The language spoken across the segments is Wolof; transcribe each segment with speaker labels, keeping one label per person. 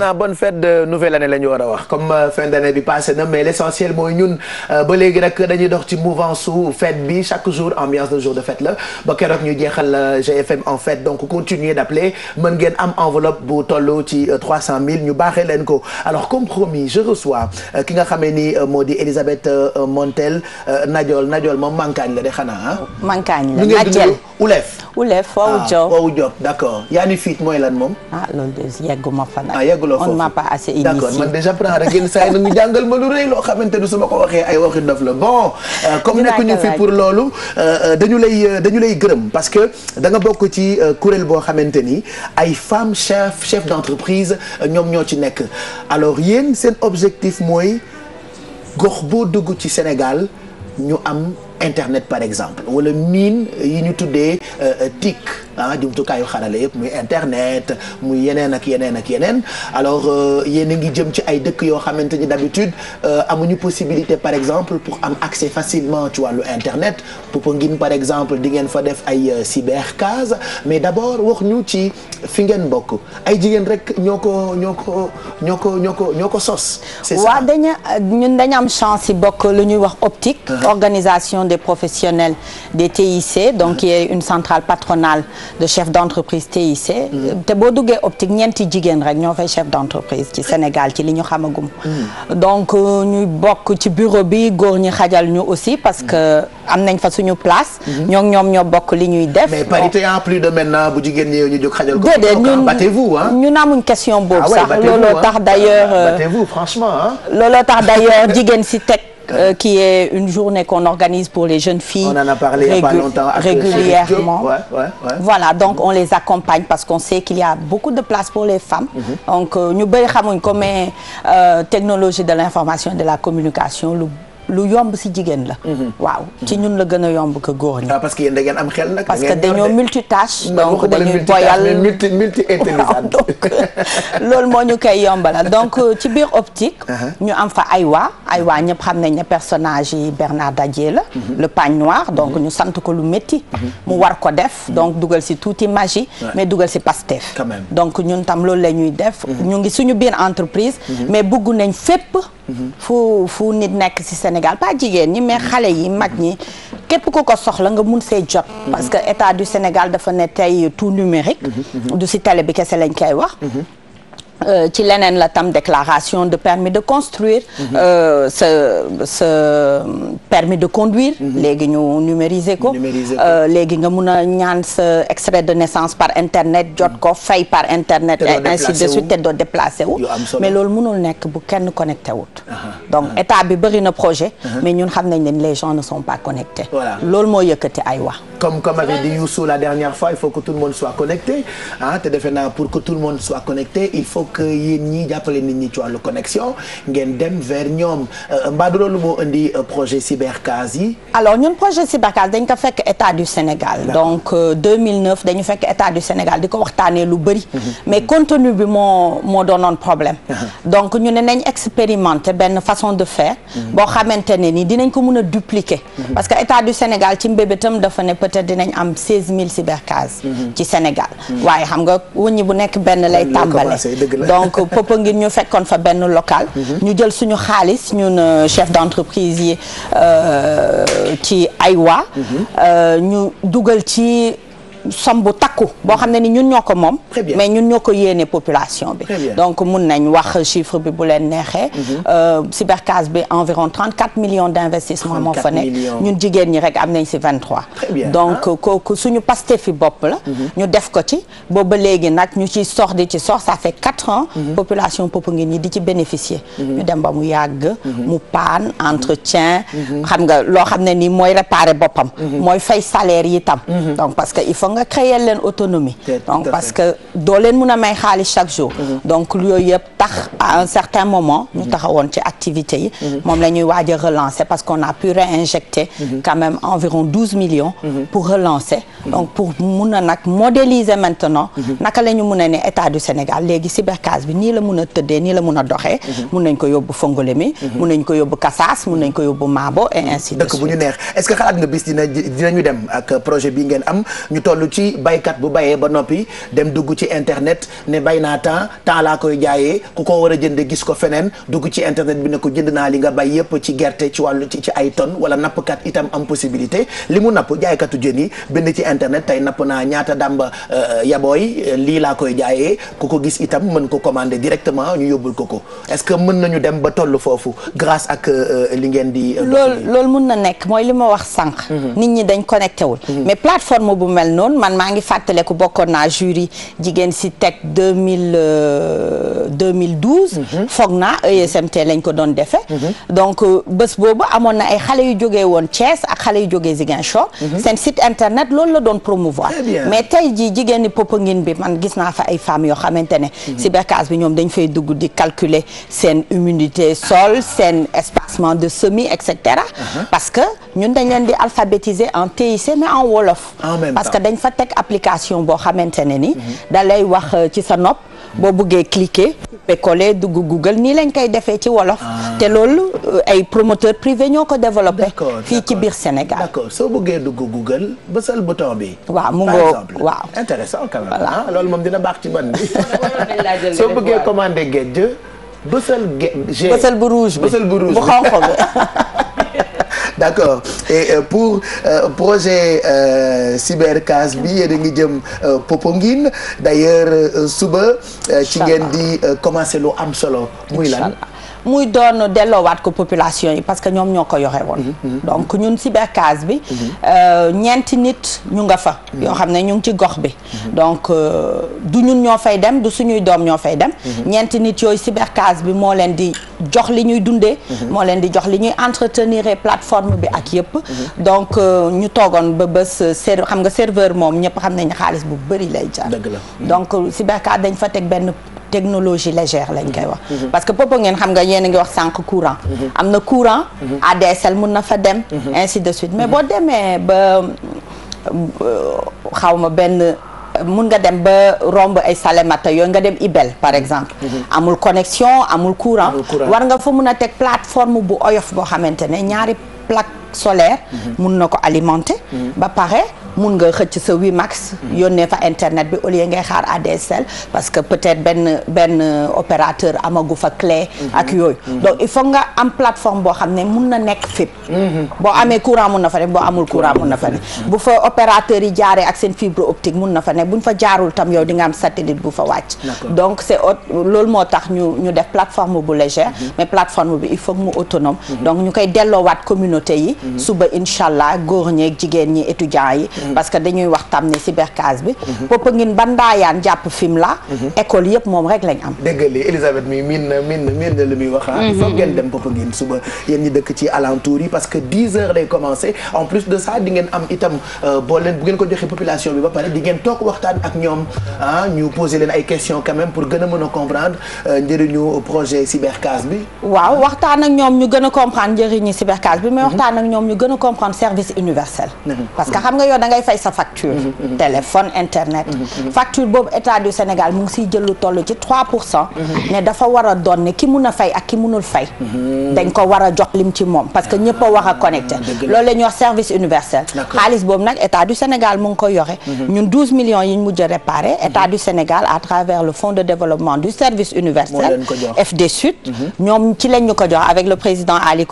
Speaker 1: naa bonne fête de nouvelle année la ñu war a wax comme euh, fin d'année bi passé na mais l'essentiel mooy ñun euh, ba léegi rek dañuy dox ci mouvance su fête bi chaque jour ambiance de jour de fête la ba keroog ñu jeexal euh, GFM en fête donc continuer d'appeler mën ngeen am enveloppe bu toll ci 300 000 ñu baaxee leen ko alors comme promis je reçois ki nga xamee ni moo di Elisabeth Montel Najol Najol moom mankaañ la de xanaa ah.
Speaker 2: mankaañ la Najel
Speaker 1: Oulef. Oulef Wawu Diop ah Wawu Diop d'accord Yaani Fit mooy lan moom. ah loolu de yegguma fa nag. ah yegguloo foofu on m'a pas assez initié. d'accord man déjà prend rek yenn saa yi nag ñu jàngal ma lu rëy loo xamante ni su ma ko waxee ay waxi dof la bon. Euh, comme nekkuñu fi pour loolu euh, euh, dañu lay dañu lay gërëm parce que da nga bokk ci kuréel boo xamante ni ay femmes chef chef d'entreprise ñoom ñoo ci nekk alors yéen seen objectif mooy gox boo dugg ci Sénégal ñu am. internet par exemple wala miin yi ñu tuddee euh, euh, TIC ah jumtukaayu xarale yëpp muy internet mu yeneen ak yeneen ak yeneen alors euh, yéen a ngi jëm ci ay dëkk yoo xamante ni d'habitude euh, amuñu possibilité par exemple pour am accès facilement ci wàllu internet Popenguine par exemple di ngeen fa def ay euh, cybercase mais d'abord wax ñu ci fi ngeen bokk ay jigéen rek ñoo ko ñoo ko ñoo ko ñoo ko ñoo ko sos c'est ça waaw dañu am chance yi bokk lu ñuy
Speaker 2: wax optique uh-huh. organisation des professionnels des TIC donc uh-huh. qui est une centrale patronale de chef d'entreprise TIC. Mm. te boo duggee optique ñeenti jigéen rek ñoo fay chef d'entreprise ci Sénégal ci li ñu xamagum. Mm. donc euh, ñuy bokk ci bureau bi góor ñi xajal ñu aussi parce que mm. am nañ fa suñu place. Mm-hmm. ñoo ñoom ñoo bokk li ñuy def. mais parité
Speaker 1: en de maintenant bu jigéen ñu jóg xajal ko. déedéet ñun question boobu ah sax. looloo d'ailleurs. Ah, euh, franchement ah. looloo d'ailleurs jigéen si teg.
Speaker 2: euh, qui est une journée qu'on organise pour les jeunes filles. On en a parlé il y a pas longtemps. Régulièrement. Ouais, ouais, ouais. Voilà, donc mm -hmm. on les accompagne parce qu'on sait qu'il y a beaucoup de place pour les femmes. Mm -hmm. Donc euh, ñu bëri xamuñ comme euh, technologie de l'information et de la communication lu lu yomb si jigéen la. Mhm. waaw ci ñun la gën a yomb
Speaker 1: ko góor ñi. Ah, parce que yéen da ngeen am xel nag. parce que dañoo
Speaker 2: multitâche. donc dañuy boyal
Speaker 1: multi multi intelligente donc
Speaker 2: loolu moo ñu koy donc euh, ci biir optique. Uh-huh. ñu am fa Aywa Aywa ñëpp xam nañ ne personnage yi Bernard Dadier la. Mm-hmm. le pagne noir donc mm-hmm. ñu sant ko lu métti. Mm-hmm. mu war ko def donc dugal si tuuti magie. mais dugal si Pastef. donc ñun tam loolu la ñuy def. ñu ngi suñu biir entreprise. mais bëgg nañ fépp. fu fu nit nekk ci Sénégal pas jigéen ñi mais xale yi mag ñi képp ku ko soxla nga mun see jot parce que état du Sénégal dafa ne tey tout numérique mhm, mhm. du ci télé bi kese lañ koy wax mhm. Euh, ci leneen la tam déclaration de permis de construire sa mhm. sa euh, permis de conduire mhm. léegi ñu numériser ko euh, léegi nga mun a ñaan sa extrait de naissance par internet jot ko mhm. fay par internet et ainsi de suite te doo déplacé wu mais loolu mënul nekk bu kenn connecté wut donc état bi bëri na projet mais ñun xam nañ ne les gens ne sont pas connectés
Speaker 1: loolu mooy yëkkati ay wax comme comme avait dit Youssou la dernière fois il faut que tout le monde soit connecté ah te defe naa pour que tout le monde soit connecté il faut que yéen ñii jàppale nit ñi ci wàllu connexion ngeen dem vers ñoom euh, mbaa du moo indi euh, projet cybercase yi.
Speaker 2: alors ñun projet cybercase dañ ko fekk état du Sénégal. donc euh, fekk état du Sénégal di ko waxtaanee lu bëri. Mhm. mais contenu bi moo moo doonoon problème. donc ñu ne nañ expérimenter benn façon de faire. Mhm. boo xamante ne ni dinañ ko mën a dupliquer. Mhm. parce que état du Sénégal ci mbébétam dafa te dinañ am 16000 cybercases. ci Sénégal. waaye xam nga wëññi bu nekk benn lay tàmbale. donc Popenguine ñu fekkoon fa benn local. Mhm. ñu jël suñu xaalis ñun euh, chef d'entreprise yi euh, ci Aywa. Mhm. Euh, ñu dugal ci. som bu takku boo xam ne ni ñun ñoo ko moom mais ñun ñoo ko yéene population bi donc mun nañ wax chiffre bi bu leen neexee mm-hmm. euh, cybercase bi environ 34 millions d'investissement moo fa nekk ñun jigéen ñi rek am nañ si 23 donc ah. kooku suñu paste fi bopp la mm-hmm. ñu def ko ci booba léegi nag ñu ci sox di ci sox ça fait 4 ans mm-hmm. population Popenguine yi di ci bénéficier ñu dem ba mu yàgg mu paan entretien xam nga loo xam ne nii mooy réparer boppam mooy fay salaire yi tam donc nga créer leen autonomie que doo leen mun a may xaalis chaque jour mhm. donc yooyu yëpp tax à un certain moment ñu mhm. taxawoon ci activité yi mhm. moom la ñuy waaj a relancer parce qu'on a pu réinjecter quand même environ douze millions pour relancer donc pour mun a nag modéliser maintenant naka la ñu mun a ne état du Sénégal léegi cybercase bi nii la mun a tëddee nii la mun a doxee mun nañ ko yóbbu Fongolemi mun nañ ko yóbbu Kassas mun nañ ko yóbbu Mabo
Speaker 1: et ainsi de suite dëkk bu toll ci baykat bu bayee ba noppi dem dugg ci internet ne bay naa temps temps laa koy jaayee ku ko war a jënd gis ko feneen dugg ci internet bi ne ko jënd naa li nga bay yépp ci gerte ci wàllu ci ci ay tonnes wala nappkat itam am possibilité li mu napp jaaykatu jën yi bind ci internet tey napp naa ñaata dàmba euh, yabooy lii laa koy jaayee ku ko gis itam mën ko commander directement ñu yóbbul ko ko est-ce que mën nañu dem ba toll foofu grace ak euh, li ngeen di. Euh, lool
Speaker 2: loolu mën na nekk mooy li ma wax sànq. Mhm. nit ñi dañ connecté wul. Mhm. demoon man maa ngi fàttaleku bokkoon naa jury jigéen si teg 2000 2012 euh, mhm. foog naa ESMT lañ ko doon defee mhm. donc euh, bés boobu amoon na ay xale yu jógee woon Thiès ak xale yu jógee Ziguinchor mhm. seen site internet loolu la doon promouvoir mais tey jii jigéen ñi Popenguine bi man gis naa fa ay femmes yoo xamante ne cybercase bi ñoom dañ fay dugg di calculer seen humidité sol seen espacement de semis et cetera uh-huh. parce que ñun dañ leen di alphabétiser en TIC mais en wolof. parce que dañ fa teg application boo xamante ne ni. Mhm. da lay wax euh, ci sa nopp. Mhm. boo buggee cliquer coller dugg Google nii lañ koy defee ci wolof. Ah. te lool euh, ay promoteur privé ñoo ko développé.
Speaker 1: fii ci biir Sénégal. d'accord soo bëggee dugg Google bësal bouton bi. waaw mu ngoog waaw intéressant quand même ah, loolu moom dina baax ci man bi soo bëggee commander géej bësal géej. bësal bu rouge bi bu xonq bi. d'accord et euh, pour euh, projet euh, cybercase bi yéen a ngi jëm euh, Popenguine d'ailleurs euh, suba ci ngeen di commencer lu am solo muy lan
Speaker 2: muy doon delloowaat ko population yi parce que ñoom ñoo ko yore woon mm-hmm, mm-hmm. donc ñun cybercase bi mm-hmm. ñeenti nit ñu nga fa yoo xam ne ñu ngi ci gox bi donc du ñun ñoo fay dem du suñuy doom ñoo fay dem ñeenti nit yooyu cybercase bi moo leen di jox li ñuy dundee moo leen di jox li ñuy entretenir plateforme bi ak yëpp donc euh, ñu toogoon ba bés euh, ser xam nga serveur moom ñëpp xam nañ xaalis bu bëri lay jar donc euh, si cybercard dañ fa teg benn technologie légère lañ koy wax mhm. parce que popo ngeen xam nga yéen ngi wax sànq courant mhm. am na courant mhm. ADSL mun na fa dem ainsi de suite mais boo demee ba xaw ma benn mun nga dem ba romb ay Salémata yooyu nga dem Ibel par exemple mhm. Mhm. amul connexion amul courant war nga fa mun a teg plateforme bu oyof boo xamante ne ñaari plaque solaire mhm. mun na ko alimenter mhm. ba pare mun nga xëcc sa WiMax mhm. yónnee fa internet bi au lieu ngay xaar ADSL parce que peut-être benn benn opérateur amagu fa clé ak yooyu donc il faut nga am plateforme boo xam ne mun na nekk fépp boo amee courant mun na fa nekk boo amul courant mun na fa nekk bu fa opérateur yi jaaree ak seen fibre optique mun na fa ne buñ fa jaarul tam yow di nga am satellite bu fa wàcc donc c'est loolu moo tax ñu ñu def plateforme bu légère mais plateforme bi il faut mu autonome donc ñu koy delloowaat communauté yi Mhm. suba incha allah góor ñeeg jigéen ñi étudiants yi. Mhm. parce que dañuy waxtaan ne cybercase bi. Mhm. Popenguine ba Ndayane jàpp fim la. école yëpp moom rek lañ am. dégg li
Speaker 1: Elisabeth mi miin miin li muy wax ah. ngeen dem Popenguine suba yéen ñi dëkk ci alentour yi parce que 10 heures lay commencé en plus de ça di am itam euh, boo bu ngeen ko joxee population bi ba pare di toog waxtaan ak ñoom ah, ñu poser leen ay questions quand pour gën a mën a comprendre euh,
Speaker 2: a comprendre ñoom ñu gën a comprendre service universel mhm. parce que xam nga yow da ngay fay sa facture mhm, mhm. téléphone internet facture boobu état du Sénégal mu ngi siy jël lu toll ci 3 pour cent ne dafa war a doon ki mun a fay ak ki munul fay dañ ko war a jox lim ci moom parce que ah, ñëpp a war a connecté loolu la ñuy wax service universel xaalis boobu nag état du Sénégal mu ngi ko yore ñun 12 millions yi ñu mujj a réparé état du Sénégal à travers le fonds de développement du service universel FD ñoom ko jox avec le président Ali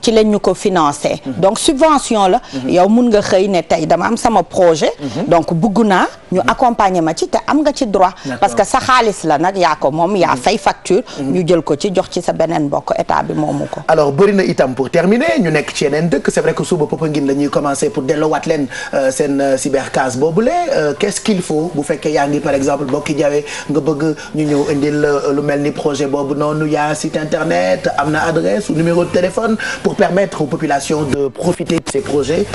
Speaker 2: ci leen ñu ko financé donc subvention la yow mun nga xëy ne tey dama am sama projet mhm. donc bugg naa ñu accompagner ma ci te am nga ci droit parce que sa xaalis la nag yaa ko moom yaa mhm. fay facture mhm. ñu jël ko ci jox ci sa beneen mbokk état bi moomu ko
Speaker 1: alors bëri na itam pour terminer ñu nekk ci yeneen dëkk c'est vrai que suba Popenguine la ñuy commencer pour delloowaat leen euh, seen euh, cybercase boobule euh, qu'est-ce qu'il faut bu fekkee yaa ngi par exemple bokki jawee nga bëgg ñu ñëw indil lu mel ni projet boobu noonu yaa site internet am na adresse téléphone pour permettre aux populations de profiter de ces projets.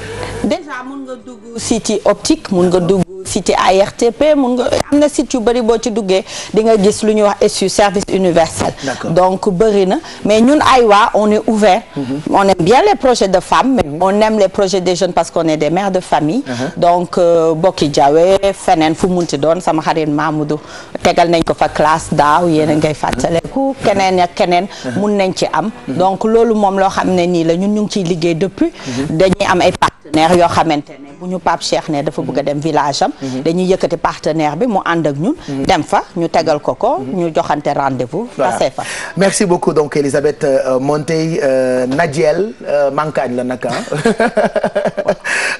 Speaker 2: déjà mun nga dugg si ci optique mun nga dugg cité ARTP mun nga am na site yu bëri boo ci duggee di nga gis lu ñuy wax SU service universel donc bëri na mais ñun AYWA on est ouvert mm -hmm. on aime bien les projets de femme mais mm -hmm. on aime les jeunes parce qu'on est des mères de famille mm -hmm. donc euh, Bokki Diawé feneen fu munti doon sama xarit du tegal nañ ko fa classe daaw yéen a ngay fàttaleku uh-huh. keneen ak keneen uh-huh. mun nañ ci am donc loolu moom loo xam ne nii la ñun ñu ngi ciy liggéey depuis dañuy am ay partenaire yoo xamante ne bu ñu Pape Cheikh ne dafa bëgg a dem village am mhm. dañuy yëkkati partenaire bi mu ànd ak ñun mhm. dem fa ñu tegal ko ko mhm. ñu joxante rendez-vous passé fa
Speaker 1: merci beaucoup donc Elisabeth euh, Montey euh, Nadiel euh, Mankaañ la naka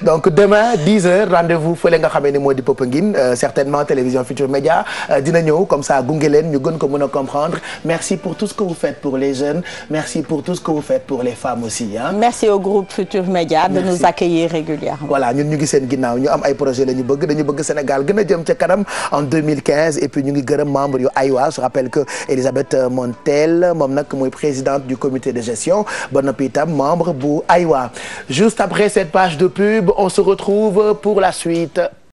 Speaker 1: donc demain 10h rendez-vous fële nga xamee ni moo di Popenguine euh, certainement télévision Futur Média euh, dina ñëw comme ça gunge leen ñu gën ko mën comprendre merci pour tout ce que vous faites pour les jeunes merci pour tout ce que vous faites pour les femmes aussi merci au groupe Futur Média de nous
Speaker 2: accueillir régulièrement.
Speaker 1: en et puis ñu ngi membre AIWA je rappelle que Elisabeth Montel moom présidente du comité de gestion ba noppi itam membre bu pub on se retrouve pour la suite